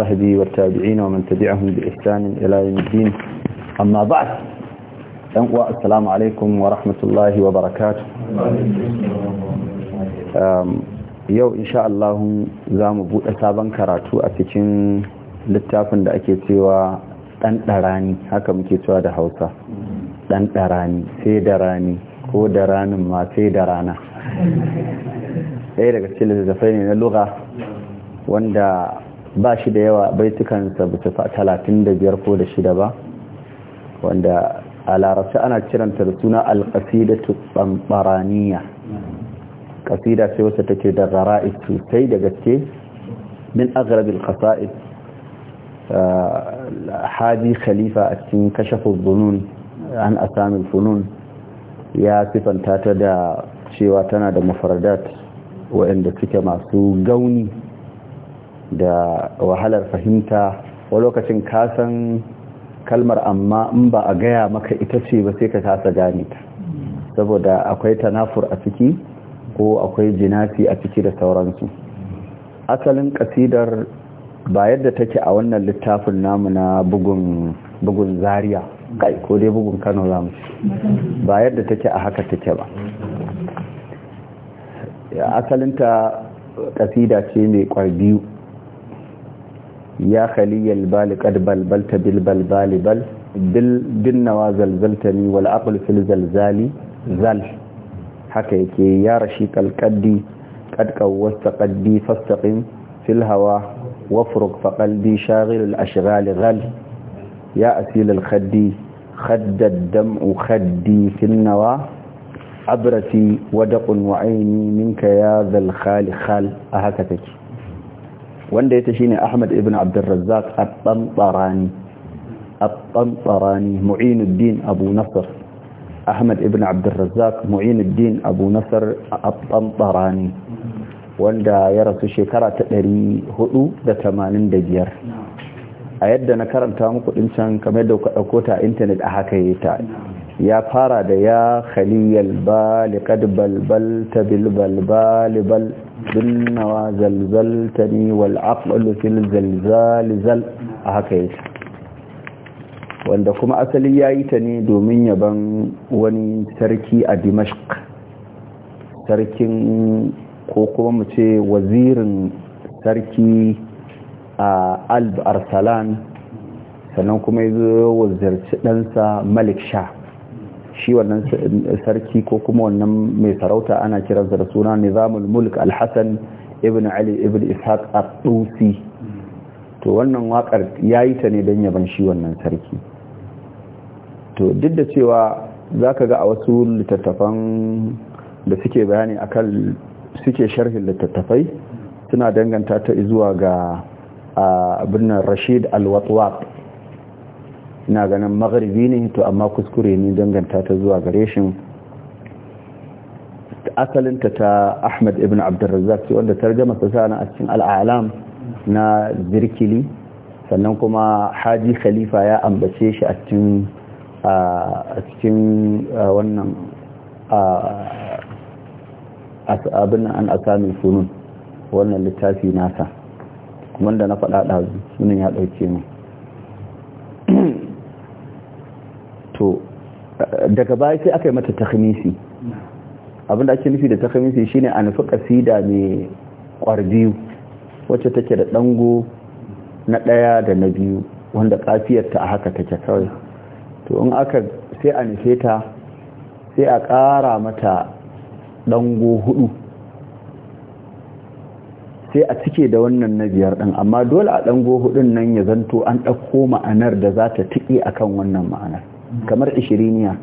صحبه والتابعين ومن تبعهم بإحسان إلى يوم الدين أما بعد السلام عليكم ورحمة الله وبركاته yau insha Allah za mu buɗe sabon karatu a cikin littafin da ake cewa ɗan ɗarani haka muke cewa da hausa ɗan ɗarani sai da rani ko da ranin ma sai da rana ɗaya daga cikin littattafai ne na lura wanda ba shi da yawa baitukansa ba ta talatin da biyar ko da shida ba wanda a larabci ana kiranta da suna alƙasidatu ɓamɓaraniya ƙasida sai wacce take da rara'i sosai da gaske min agarabil ƙasa'id ah, hadi khalifa a cikin kashafin bunun an asamin funun ya sifanta ta da cewa tana da mafardat waɗanda suke masu gauni da wahalar fahimta wani lokacin kasan kalmar amma in ba a gaya maka ita ce ba sai ka kasa gane ta saboda akwai tanafur a ciki ko akwai jinafi a ciki da sauransu asalin kasidar ba yadda take a wannan littafin namu na bugun bugun zaria kai ko dai bugun kano za mu ba yadda take a haka take ba asalinta kasida ce mai kwarbiyu ya khaliyal bal qad balbalta bil balbal bal bil dinnawa zalzaltani wal aql fil zalzali zal haka yake ya rashiqal qaddi qad qawwasta qaddi fastaqim fil hawa wafruq faqalbi shaghil al ya asil al khaddi khadda ad abrati wadaqun wa aini minka ya zal khali khal a haka take wanda ya ta shine Ahmad ibn Abdurrazzaq al tantarani al tantarani Mu'inuddin Abu Nasr Ahmad ibn Abdurrazzaq Mu'inuddin Abu Nasr al tantarani wanda ya rasu shekara ta 485 a yadda na karanta muku ɗin can kamar da kuka dauko ta internet a haka yayi ta ya fara da ya khaliyal bali bal ta bil bal bal dinnawa zalzaltani wal aqlu fil zalzali zal a haka yake wanda kuma asali ya yi ta ne domin yaban wani sarki a dimashq sarkin ko kuma mu ce wazirin sarki a alb arsalan sannan kuma ya zo wazirci ɗansa malik shah. shi wannan sarki ko kuma wannan mai sarauta ana kiransa da suna nizamul mulk alhassan ibn ali ibn ishaq at-tusi to wannan wakar yayi ta ne dan yaban shi wannan sarki to duk da cewa zaka ga a wasu littattafan da suke bayani akan suke sharhin littattafai suna danganta ta zuwa ga a birnin rashid al-watwat ina ganin magharibi ne to amma kuskure ne danganta ta zuwa gare shi asalinta ta ahmad ibn abdurrazzak ce wanda tarjama sa sana a cikin al'alam na zirkili sannan kuma haji khalifa ya ambace shi a cikin a cikin wannan abin an asami sunun wannan littafi nasa wanda na faɗaɗa sunan ya ɗauke mu to daga baya sai aka yi mata takhmisi abinda ake nufi da takhmisi shine a nufi kasida mai kwarbiyu wacce take da dango na daya da na biyu wanda kafiyarta a haka take kawai to in aka sai a nufe ta sai a ƙara mata dango hudu sai a cike da wannan na biyar din amma dole a ɗango hudun nan ya zanto an ɗauko ma'anar da za ta tiki a kan wannan ma'anar kamar ishiriniya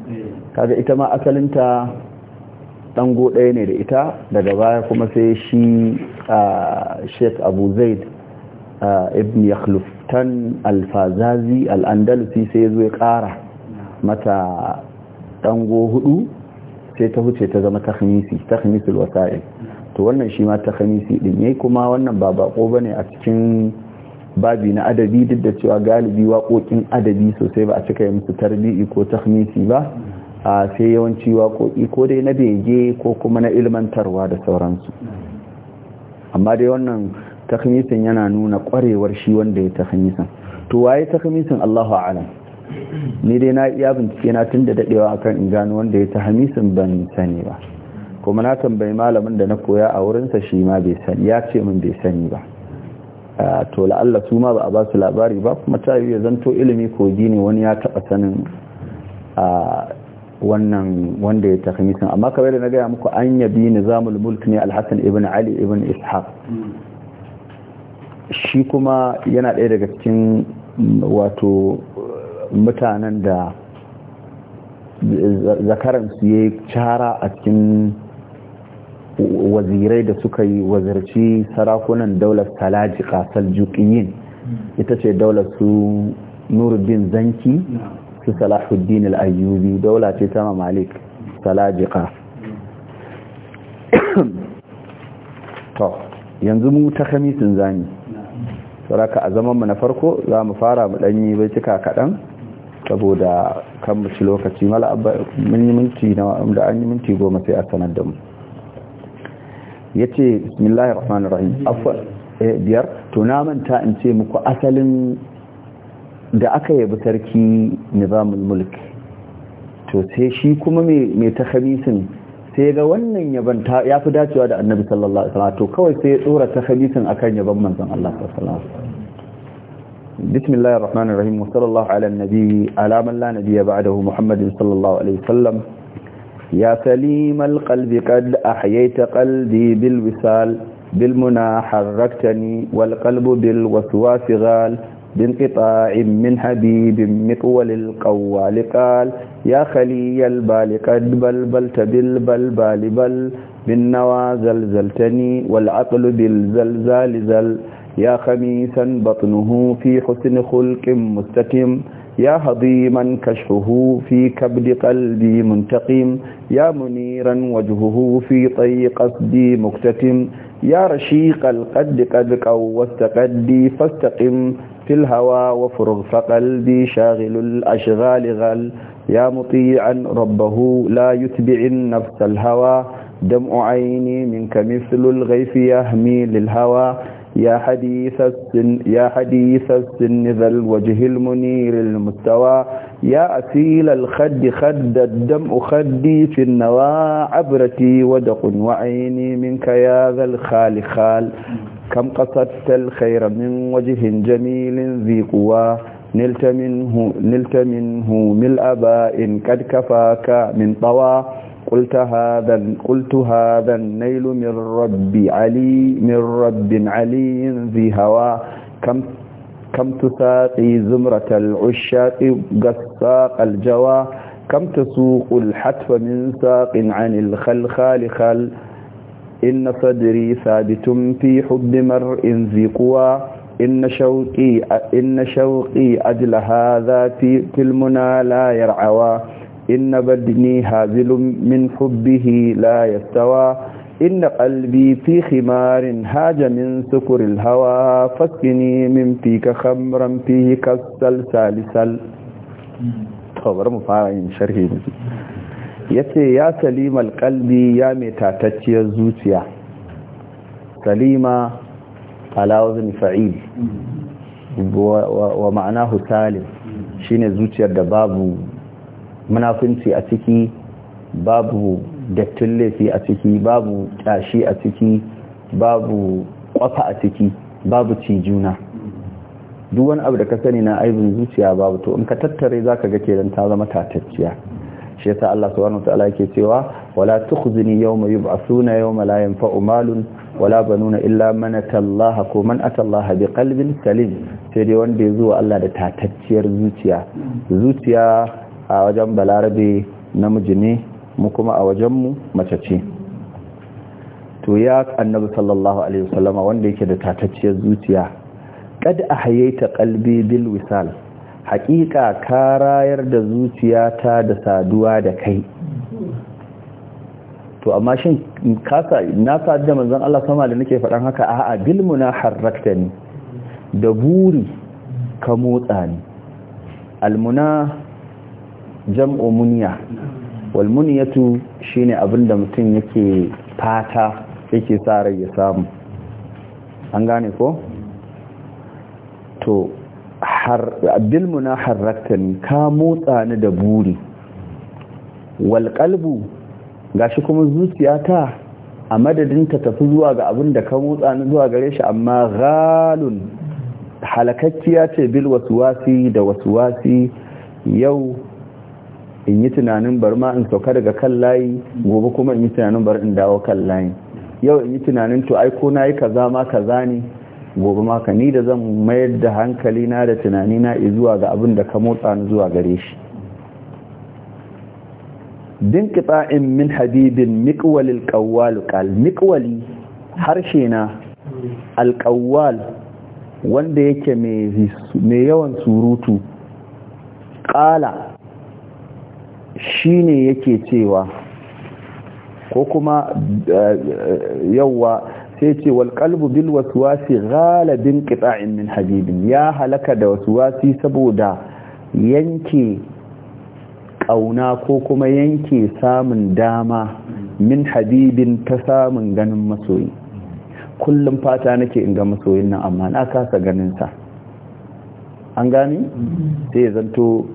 kaga ita ma asalinta ɗango ɗaya ne da ita daga baya kuma sai shi sheikh abu zaid ibn yakhluftan alfazazi al'andalusi sai ya zo ya ƙara mata ɗango hudu sai ta huce ta zama takhimisi takhmisul wasa'il to wannan shi ma takhimisi din yayi kuma wannan ba bako bane a cikin babi na adabi duk da cewa galibi waƙoƙin adabi sosai ba a cika yi musu tarbi'i ko tahmisi ba a sai yawanci waƙoƙi ko dai na bege ko kuma na ilmantarwa da sauransu amma dai wannan tahmisin yana nuna ƙwarewar shi wanda ya tahmisin to waye tahmisin Allahu a'lam ni dai na iya bincike na tun da dadewa akan in gano wanda ya tahmisin ban sani ba kuma na tambayi malamin da na koya a wurinsa shi ma bai sani ya ce min bai sani ba to la'alla su ma ba a ba su labari ba kuma ta yi zanto ilimi ko ne wani ya taɓa sanin a wannan wanda ya mutum amma kamar da na gaya muku an yabi nizamul mulk ne alhassan ibn ali ibn ishaq shi kuma yana ɗaya daga cikin mm, wato mutanen da eh, zakaransu ya yi cara a cikin wazirai da suka yi wazirci sarakunan daular talajika saljukiyin ita ce daular su nuruddin zanki su salahuddin al'ayyubi daula ce ta mamalik talajika to yanzu mu ta kamisin zani saraka a zamanmu na farko za mu fara mu danyi bai cika kaɗan saboda kan lokaci mala mun yi minti da an yi minti goma sai a sanar da mu yace bismillahir rahmanir rahim eh, biyar to na manta in ce muku asalin da aka yabi sarki nizamul mulk to sai shi kuma mai ta khamisin sai ga wannan yaban ya fi dacewa da annabi sallallahu alaihi wasallam to kawai sai ya tsora ta khamisin akan yaban manzon Allah sallallahu alaihi wasallam بسم الله الرحمن الرحيم وصلى الله على النبي على من لا نبي بعده محمد صلى الله عليه وسلم يا سليم القلب قد أحييت قلبي بالوصال بالمنى حركتني والقلب بالوسواس غال بانقطاع من حبيب مطول القوال قال يا خلي البال قد بلبلت بالبلبال بل بالنوى زلزلتني والعقل بالزلزال زل يا خميسا بطنه في حسن خلق مستكم يا هضيما كشفه في كبد قلبي منتقم يا منيرا وجهه في طي قصدي مكتتم يا رشيق القد قد قوست قدي فاستقم في الهوى وفرغ فقلبي شاغل الأشغال غل يا مطيعا ربه لا يتبع النفس الهوى دمع عيني منك مثل الغيث يهمي للهوى يا حديث السن يا حديث السن ذا الوجه المنير المستوى يا أسيل الخد خد الدم خدي في النوى عبرتي ودق وعيني منك يا ذا الخال خال كم قصدت الخير من وجه جميل ذي قوى نلت منه نلت منه ملء باء قد كفاك من طوى قلت هذا قلت هذا النيل من ربي علي من رب علي ذي هوى كم كم تساقي زمرة العشاق قساق الجوى كم تسوق الحتف من ساق عن الخلخال خل إن صدري ثابت في حب مرء ذي قوى إن شوقي إن شوقي أجل هذا في المنى لا يرعوى إن بدني هازل من حبه لا يستوى إن قلبي في خمار هاج من سكر الهوى فاسقني من فيك خمرا فيه كالسلسال سل خبر مفاعل شرحي yace ya salimal kalbi ya mai tatacciyar zuciya salima alawazin fa'il wa ma'ana salim shine zuciyar da babu munafunci a ciki babu dattin laifi a ciki babu tashi a ciki babu kwafa a ciki babu cijuna duk wani abu da ka sani na aibin zuciya babu to in ka tattare zaka ga kenan ta zama tatacciya shi yasa Allah subhanahu wataala yake cewa wala tukhzini yawma yub'athuna yawma la yanfa'u malun wala banuna illa man atallaha ko man atallaha biqalbin salim sai dai wanda ya zuwa Allah da tatacciyar zuciya zuciya a wajen balarabe namiji ne mu kuma a wajenmu mace ce to ya annabi sallallahu alaihi wasallama wanda yake da tatacciyar zuciya kad ahayaita qalbi bil wisal haqiqa ka rayar da zuciyata da saduwa da kai to amma shin kasa na sadu da manzon Allah sama da nake faɗan haka a'a bil munaharraktani da buri ka motsa ni almuna jam'u muniya wal shi shine abinda mutum yake fata yake sa rai ya samu an gane ko to har bil munaharraktan ka motsa ni da buri wal qalbu gashi kuma zuciya ta, a madadin ta tafi zuwa ga abinda ka motsa ni zuwa gare shi amma ghalun halakakkiya ce bil waswasi da waswasi yau in yi tunanin bar ma in sauka daga kan layi gobe kuma in yi tunanin bar in dawo kan layi yau in yi tunanin to ai ko na yi kaza ma kaza ne gobe ma ka ni da zan mayar da hankali na da tunani na zuwa ga abin da ka motsa ni zuwa gare shi din qita'in min habibin miqwal alqawwal qal miqwali harshe na alqawwal wanda yake mai yawan surutu qala Shi ne yake cewa ko kuma eh, eh, yawwa sai ce wal qalbu bil waswasi ghalibin qita'in min habibin ya halaka da waswasi saboda yanke kauna ko kuma yanke samun dama min habibin ta samun ganin masoyi kullum fata nake in ga masoyin nan amma na kasa ganin sa an gani mm-hmm. sai zanto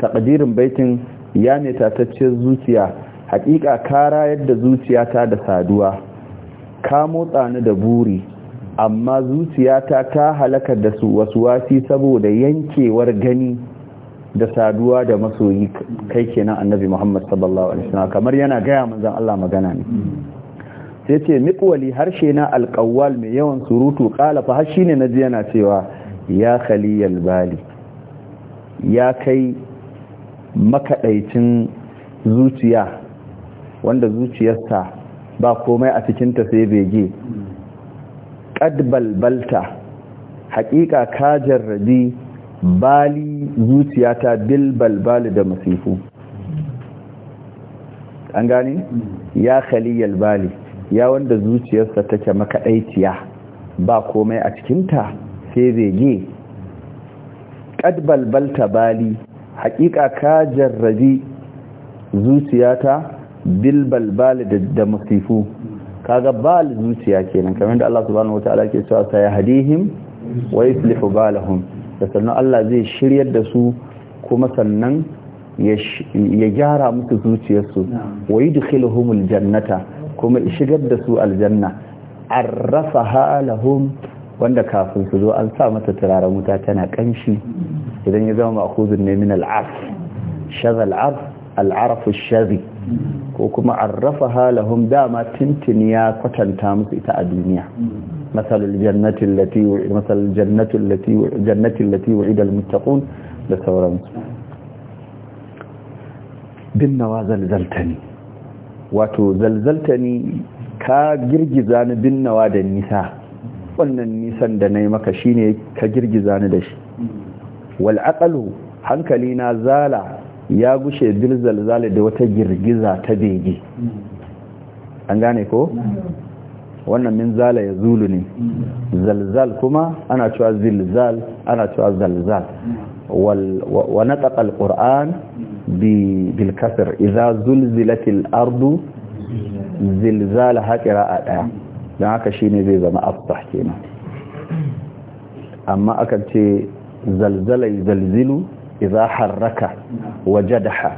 takdirin baitin ya mai tatacciyar zuciya haƙiƙa kara yadda zuciya zuciyata da saduwa ka motsa ni da buri amma zuciyata ta halaka da su wasu wasi saboda yankewar gani da saduwa da masoyi kai kenan annabi muhammad sallallahu alaihi wasallam kamar yana gaya manzon Allah magana ne sai ce miqwali harshe na alqawwal mai yawan surutu qala fa har shine naji yana cewa ya khaliyal bali ya kai makaɗaicin zuciya wanda zuciyarsa ba komai a cikinta sai bege ƙad balbalta haƙiƙa ka jarrabi bali zuciyata bil balbali da masifu an gani ya khaliyyar bali ya wanda zuciyarsa take makaɗaiciya ba komai a cikinta sai bege ƙad balbalta bali haƙiƙa ka jarrabi zuciyata bil balbal da masifu kaga bal zuciya kenan kamar da Allah subhanahu wataala ke cewa sayahdihim wa yuslihu balahum da sannan Allah zai shiryar da su kuma sannan ya gyara musu zuciyarsu wa yudkhiluhumul jannata kuma shigar da su aljanna arrafaha lahum wanda kafin su zo an sa mata turaren wuta tana kanshi idan ya zama ma'khuzun ne min al'af shadha al'af ash ko kuma arrafaha lahum dama tintin ya kwatanta musu ita a duniya مثل الجنة التي مثل الجنة التي الجنة التي وعد المتقون لثوران بالنوا زلزلتني واتو ka girgiza ni binnawa da nisa wannan nisan da na yi maka shine ka girgiza ni da shi wal aqalu hankali na zala ya gushe dilzal zala da wata girgiza ta bege an gane ko wannan min zala ya zulu ne zalzal kuma ana cewa zilzal ana cewa zalzal wa nataqa alquran bil kasr idza zulzilatil ardu zilzala haƙira a ɗaya don haka shi ne zai zama afsah kenan amma akan ce zalzala zalzilu iza harraka wajadaha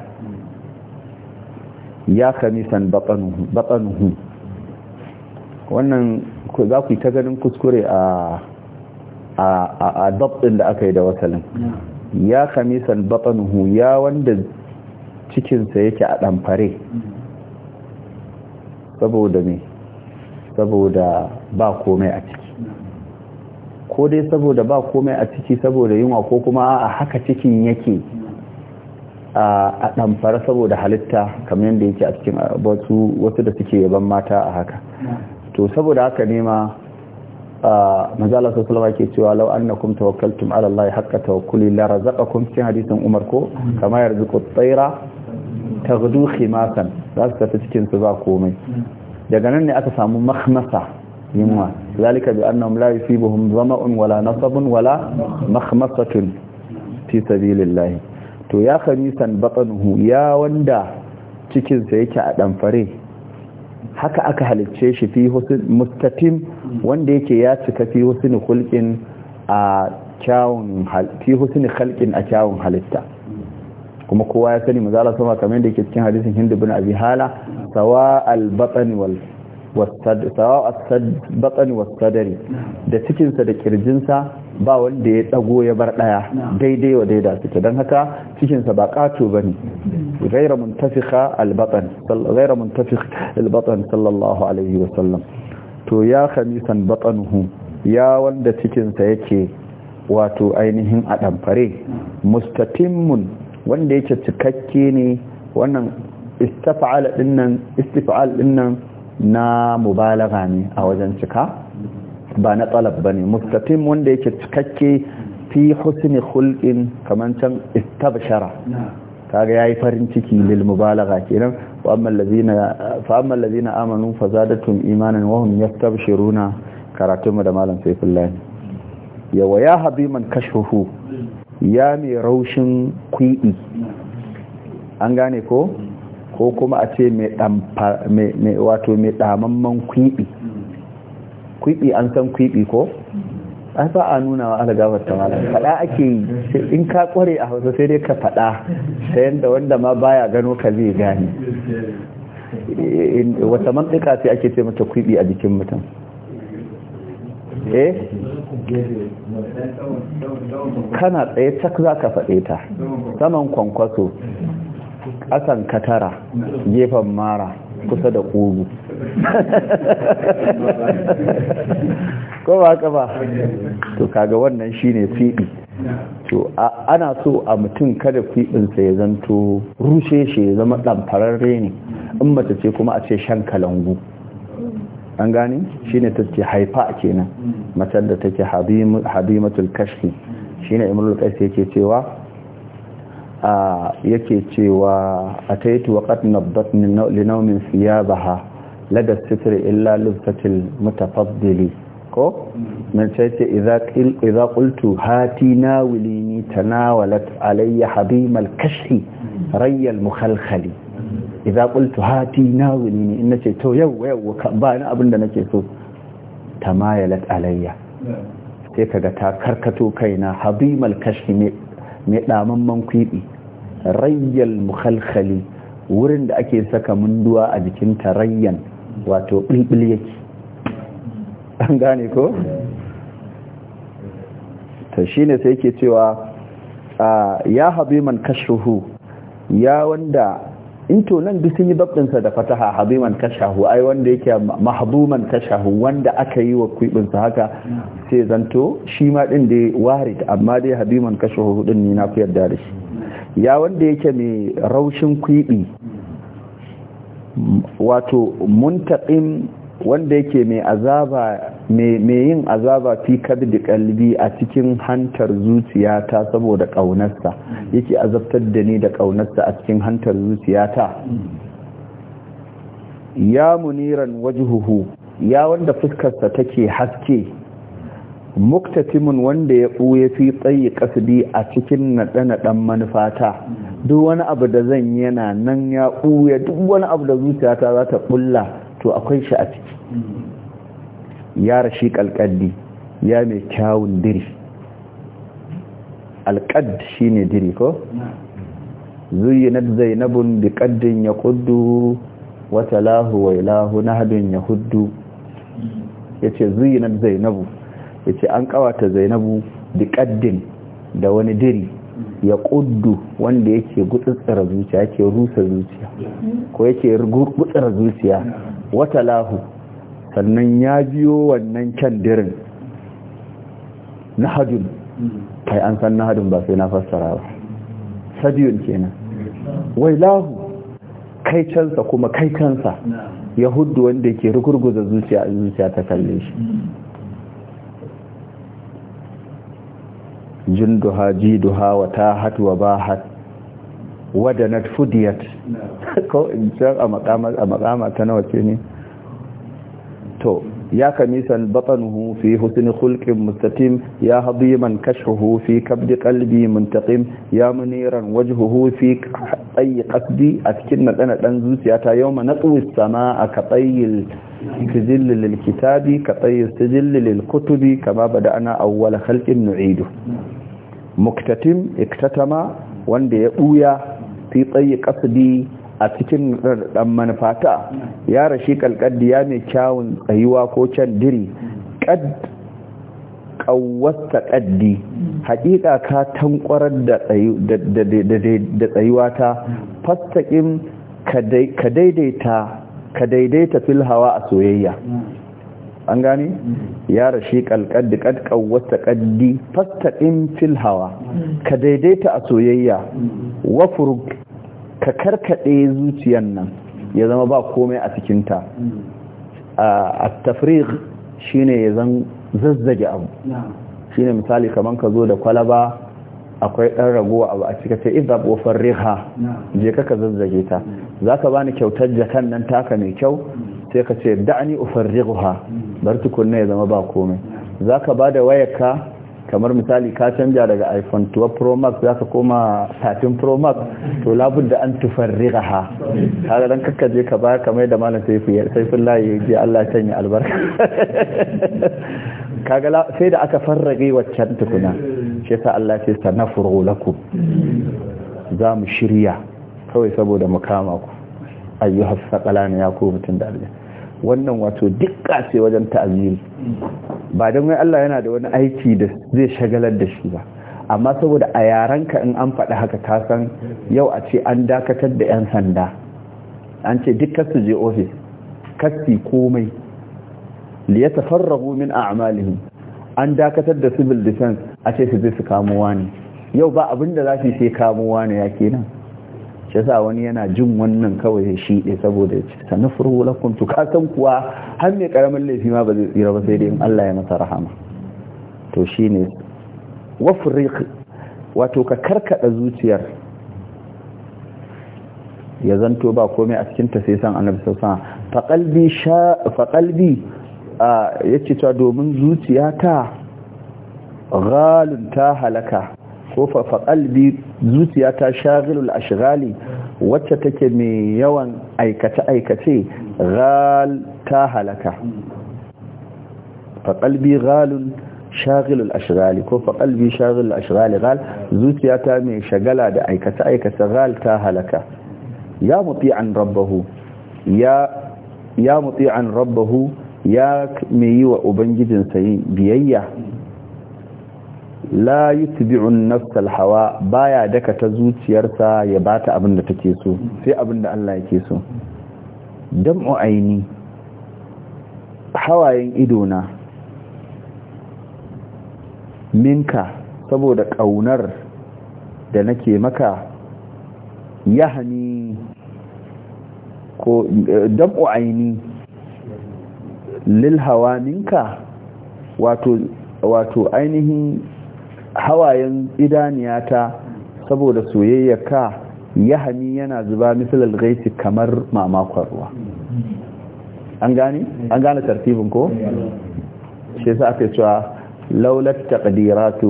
ya kamisan batanuhu batanuhu wannan za ku ta ganin kuskure a a da aka yi da wasalin ya kamisan batanuhu ya wanda cikinsa yake a ɗamfare saboda me saboda ba komai a ciki ko dai saboda ba komai a ciki saboda yunwa ko kuma a haka cikin yake a ɗamfara saboda halitta kamar yadda yake a cikin wasu wasu da suke yaban mata a haka to saboda haka ne ma mazala sallama ke cewa na kuma tawakkaltum alallai Allah haqqa tawakkuli zaɓa kuma cikin hadisin Umar ko kama yarzuqu tsaira gudu khimasan za su tafi cikin su ba komai daga nan ne aka samu makhmasa yunwa zalika bi annahum la yusibuhum zama'un wala nasabun wala makhmasatun fi sabilillahi. to ya khamisan batnuhu ya wanda cikin sa yake a danfare haka aka halicce shi fi husn mustatim wanda yake ya cika fi husn khulqin a kyawun fi husn khalqin a kyawun halitta kuma kowa ya sani mazala sama kamar da yake cikin hadisin Hindu bin Abi Hala sawa al-batn wal sawa wasu wasadari da cikinsa da kirjinsa ba wanda ya tsago ya bar daya daidai wa daida suke don haka cikinsa ba kato ba ne gaira muntafika albatan sallallahu alaihi wasallam to ya khamisan hu ya wanda cikinsa yake wato ainihin a ɗamfare mustatimmun wanda yake cikakke ne wannan istifa'al dinnan na mubalaga ne a wajen cika ba na talab ba ne mustafin wanda yake cikakke fi husni khulqin kaman can istabshara kaga yayi farin ciki lil mubalaga kenan wa amma allazina fa amma allazina amanu fazadatum imanan wa hum yastabshiruna karatun da malam saifullah ya wa ya habiman kashuhu ya mai raushin kwiɗi. an gane ko ko kuma a ce mai wato mai damamman kwiɓi kwiɓi an san kwiɓi ko? ai ba a nuna wa ala ta malam faɗa ake yi in ka kware a hausa sai dai ka faɗa ta yadda wanda ma baya gano ka zai gane eh, wata mantsika sai ake ce mata kwiɓi a jikin mutum eh kana tsaye cak za ka faɗe ta saman kwankwaso asan katara gefen mara kusa da ƙugu ko ba ka ba to kaga wannan shine fiɗi to ana so a mutum kada fiɗinsa ya zanto rushe shi ya zama ɗamfararre ne in mace ce kuma a ce shan kalangu an gani shine ta ce haifa kenan macen da take habimatul kashfi shine imrul qais yake cewa yake cewa a ta yi tuwaƙat na linaumin siya baha ladar sitir illa lubtatil mutafaddili ko min sai ce na wuli hati ta tanawalat alayya habimal kashhi rayyal mukhalkhali iza ƙultu hati na ni ina ce to yau yau ba ni abin da nake so ta tamayalat alayya sai ka ta karkato kaina habimal Kashi ne mai damamman kwiɗi. rayyal mukhalkhali wurin da ake saka munduwa a jikin tarayyan wato bilbil yake an gane ko to shine sai yake cewa ya habiman kashruhu ya wanda in nan duk sun yi babdinsa da fataha habiman kashahu ai wanda yake mahbuman kashahu wanda aka yi wa kuibinsa haka sai zanto shi ma din da warid amma dai habiman kashahu din ni na fi yarda da shi ya wanda yake mai raushin kwiɓi, wato muntaɗin wanda yake mai azaba mai yin azaba fi kabdi kalbi a cikin hantar zuciyata saboda ƙaunarsa yake azabtar da ni da ƙaunarsa a cikin hantar zuciyata ya muniran wajihuhu. ya wanda fuskarsa take haske muktatimun wanda ya ɓuye fi tsayi a cikin naɗe-naɗen manufata duk wani abu da zan yana nan ya ɓuye duk wani abu da ta za ta ɓulla to akwai shi a ciki ya rashi ƙalƙaddi ya mai kyawun diri alƙad shi ne diri ko? na zainabun da ƙaddin ya ƙuddu wata lahu na nahadun ya huddu ya ce na zainabu ya ce an kawata zainabu kaddin da wani diri ya kuddu wanda yake gutsutsura zuciya yake rusa zuciya ko yake gutsutsura zuciya wata lahu sannan ya biyo wannan kyan dirin na hajjun kai an san na hajjun ba sai na fassara ba sadiyun kenan wai lahu kai cansa kuma kai kansa ya hudu wanda yake rugurguza zuciya zuciya ta kalle shi junduha jiduha wa tahat wa bahat wadanat fudiyat ko in san a maqama a maqama ta nawa ce ne to ya kamisan batnuhu fi husn khulqin mustatim ya hadiman kashfuhu fi kabd qalbi muntaqim ya muniran wajhuhu fi ay qasdi atkin dana dan zuciyata yawma natwi samaa ka tayil sijil lil kitabi ka tayil sijil lil kutubi kama bada'na awwal khalqin nu'idu muktatim iktatama wanda ya buya fi tsayi kasdi a cikin dan manufata ya rashi kalkaddi ya mai kyawun tsayuwa ko can diri kad kawwasta kaddi hakika ka tankwarar da da tsayuwa ta fastaqim ka daidaita ka daidaita fil hawa a soyayya an gane ya rashi kalkaddi kadkan wata kaddi fastaqim fil ka daidaita a soyayya wa furuk ka karkade zuciyan nan ya zama ba komai a cikin ta a tafriq shine ya zan zazzage abu shine misali kaman ka zo da kwalaba akwai ɗan raguwa abu a cikin sai izab wa je kaka zazzage ta za bani kyautar jakan nan taka mai kyau sai ka ce da'ani ufarriha mm. bar tukunna ya zama ba komai zaka ka ba da wayarka kamar misali ka canja daga iphone 12 pro max za koma 13 pro max to labudda an tufarriga ha kaga dan ka ba kamar da malam sai sai layi ji Allah ya yi albarka kaga sai da aka farrage waccan tukuna shi yasa Allah ya ce sanafuru lakum za mu shirya kawai saboda mu kama ku ayyuhas saqalani ya ku mutun da Allah wannan wato dukka sai wajen ta'ziri ba dan wai Allah yana da wani aiki da zai shagalar da shi ba amma saboda a yaranka in an faɗi haka ka san yau a ce an dakatar da 'yan sanda an ce duk su je ofis kasti komai liyatafarragu min a'malihim an dakatar da civil defense a ce su zai su kamo wani yau ba abin da za su sai kamuwa ne ya kenan shi yasa wani yana jin wannan kawai shi ɗaya saboda ya ce sanafuru lakum to kasan kuwa har mai karamin laifi ma ba zai tsira ba sai dai in Allah ya masa rahama to shi ne wafirik wato ka karkada zuciyar ya zanto ba komai a cikin ta sai san annabi sallallahu fa qalbi yake cewa domin zuciya ta ghalun ta halaka ko fa zuciya ta shaghilul ashirali, wacce take mai yawan aikace aikace ghal ta halaka fa qalbi ghalun shaghilul ashirali, ko fa qalbi shaghilul ashghali ghal zuciya ta mai shagala da aikace aikace ghal ta halaka ya muti'an rabbahu ya ya muti'an rabbahu ya mai yi wa ubangijinsa yin biyayya la yutbi'un nafsal hawa baya daka ta zuciyarsa ya bata abin da take so sai abin da Allah yake so dam'u aini hawayen idona minka saboda ƙaunar da nake maka yahani ko eh, dam'u aini lil hawa ninka wato wato ainihin hawayen idaniyata saboda soyayyarka yahami yana zuba misalal gaiti kamar mamakon ruwa an gane an gane tartibin ko shi yasa aka cewa laulat taqdiratu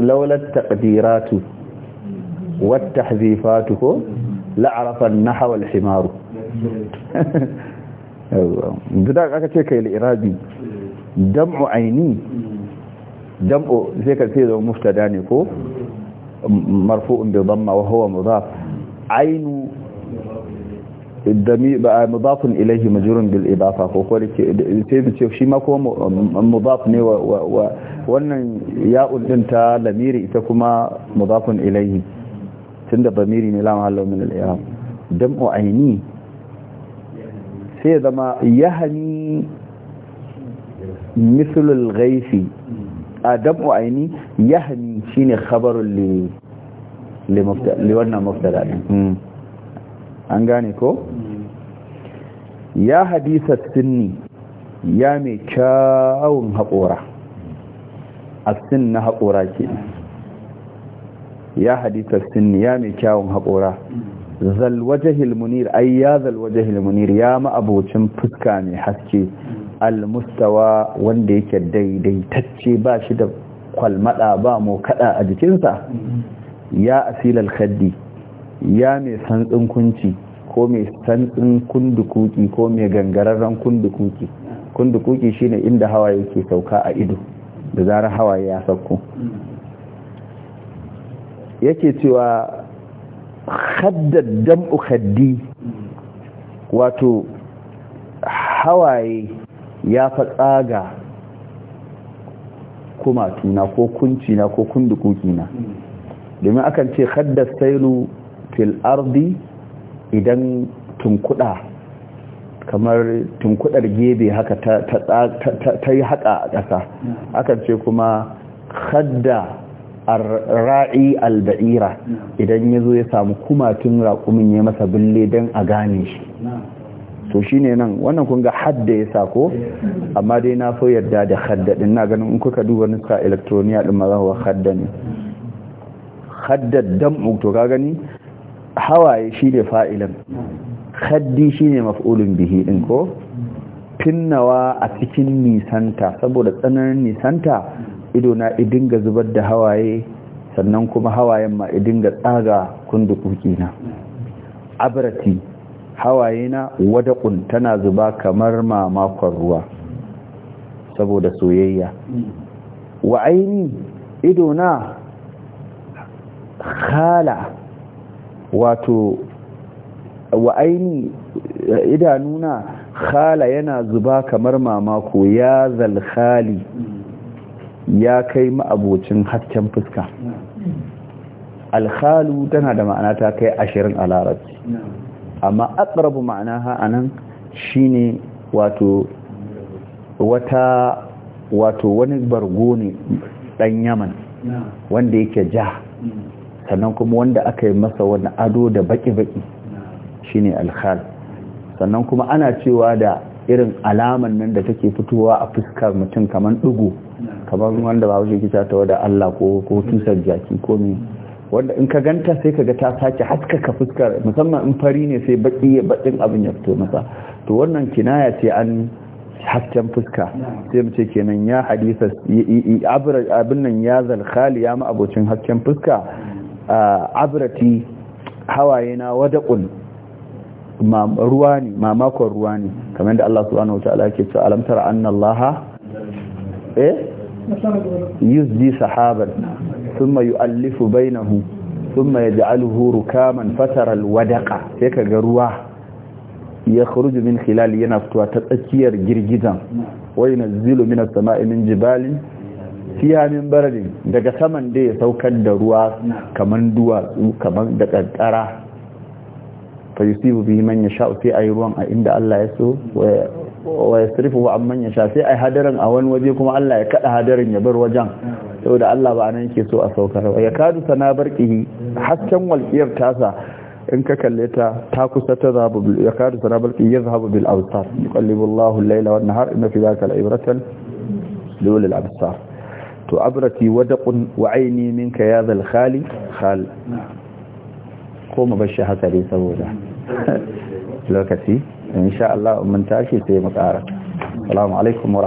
laulat taqdiratu wat tahzifatu ko la'arafa an-nahwa wal himaru bidan aka ce kai lirabi dam'u aini dam'u sai ka ce zama muftada ne ko marfu'un bi dhamma wa huwa mudaf ainu dami ba mudafun ilayhi majrun bil idafa ko ko sai da ce shi ma ko mudaf ne wa wannan ya din ta lamiri ita kuma mudafun ilayhi tunda bamiri ne la mahallu min al-i'rab dam'u aini sai zama ya hani mislul gaifi a damu aini yahani shine khabarun li li wannan mafdala ɗin hmm. an gane ko ya hadisa sinni ya mai kyawun haƙora a sin na haƙora ke ya hadisa sinni ya mai kyawun haƙora zalwajahil munir ai ya zalwajahil munir ya ma'abocin fuska mai haske almustawa wanda yake daidaitacce ba shi da kwalmada ba mu kada a jikinsa ya asilal alkhaddi ya mai santsin kunci ko mai santsin kundukuki ko mai gangararren kundukuki kundukuki shine inda hawa yake sauka a ido da zarar hawaye ya sauko yake cewa haddar dam'u haddi wato hawaye ya fa tsaga kumatuna ko kuncina ko kundukukina domin akan ce haddar sailu fil ardi idan tunkuda kamar tunkudar gebe haka ta yi haka a ƙasa akan ce kuma hadda ra'i alba'ira idan ya zo ya samu kumatun raƙumin ya masa bille don a gane shi to shi ne nan wannan kunga hadda ya sako amma dai na so yarda da hadda din na ganin in kuka duba nuska elektroniya din ma za ku hadda ne hadda to ka gani hawaye shi ne fa'ilan haddi shi ne maf'ulun bihi din ko finnawa a cikin nisanta saboda tsananin nisanta ido na idinga zubar da hawaye sannan kuma hawayen ma idinga tsaga kundukuki na abrati hawaye na kun tana zuba kamar mamakon ruwa saboda soyayya wa aini ido na khala wato wa aini idanuna khala yana zuba kamar mamako ya zalkhali ya kai ma'abocin hasken fuska alkhalu tana da ma'ana ta kai ashirin a larabci amma akarabu ma'ana ha a shi ne wato wata wato wani bargo ne dan yaman wanda yake ja sannan kuma wanda aka yi masa wani ado da baki-baki shine alhal sannan kuma ana cewa da irin alaman nan da take fitowa a fuskar mutum kamar ɗigo kamar wanda ba wuce kisa ta wada Allah ko ko tusar jaki ko me wanda in ka ganta sai ka ga ta sake haskaka fuskar musamman in fari ne sai baki bakin abin ya fito masa to wannan kinaya ce an hasken fuska sai mu ce kenan ya hadisa abin nan ya zalkhali ya abocin hasken fuska abrati hawaye na wadaqun ruwa ne mamakon ruwa ne kamar da Allah subhanahu wataala yake cewa alam tara anna allaha eh yuzdi sahaban sun mayu allifu bainahu sun mai ja'aluhu rukaman fataral wadaka sai ka ga ruwa ya kuruji min hilali yana fitowa ta tsakiyar girgizan wai na zilo min sama'i min jibali daga saman da ya saukar da ruwa kamar duwatsu kamar da ƙanƙara fa yusibu bi manya sha'u fi yi ruwan a inda allah ya so wa yasrifu an man yasha sai ai hadarin a wani waje kuma Allah ya kada hadarin ya bar wajen saboda Allah ba nan yake so a saukar ya kadu sana barqihi hasken walqiyar tasa in ka kalle ta ta kusa ta zabu ya kadu sana barqihi yadhhabu bil awsar yuqallibu Allahu al-layla wan nahar inna fi dhalika ibratan lil absar to abrati wadaqun wa aini minka ya dhal khali khal ko mabashi haka dai saboda lokaci in sha Allah mun tashi sai mu ƙara assalamu alaikum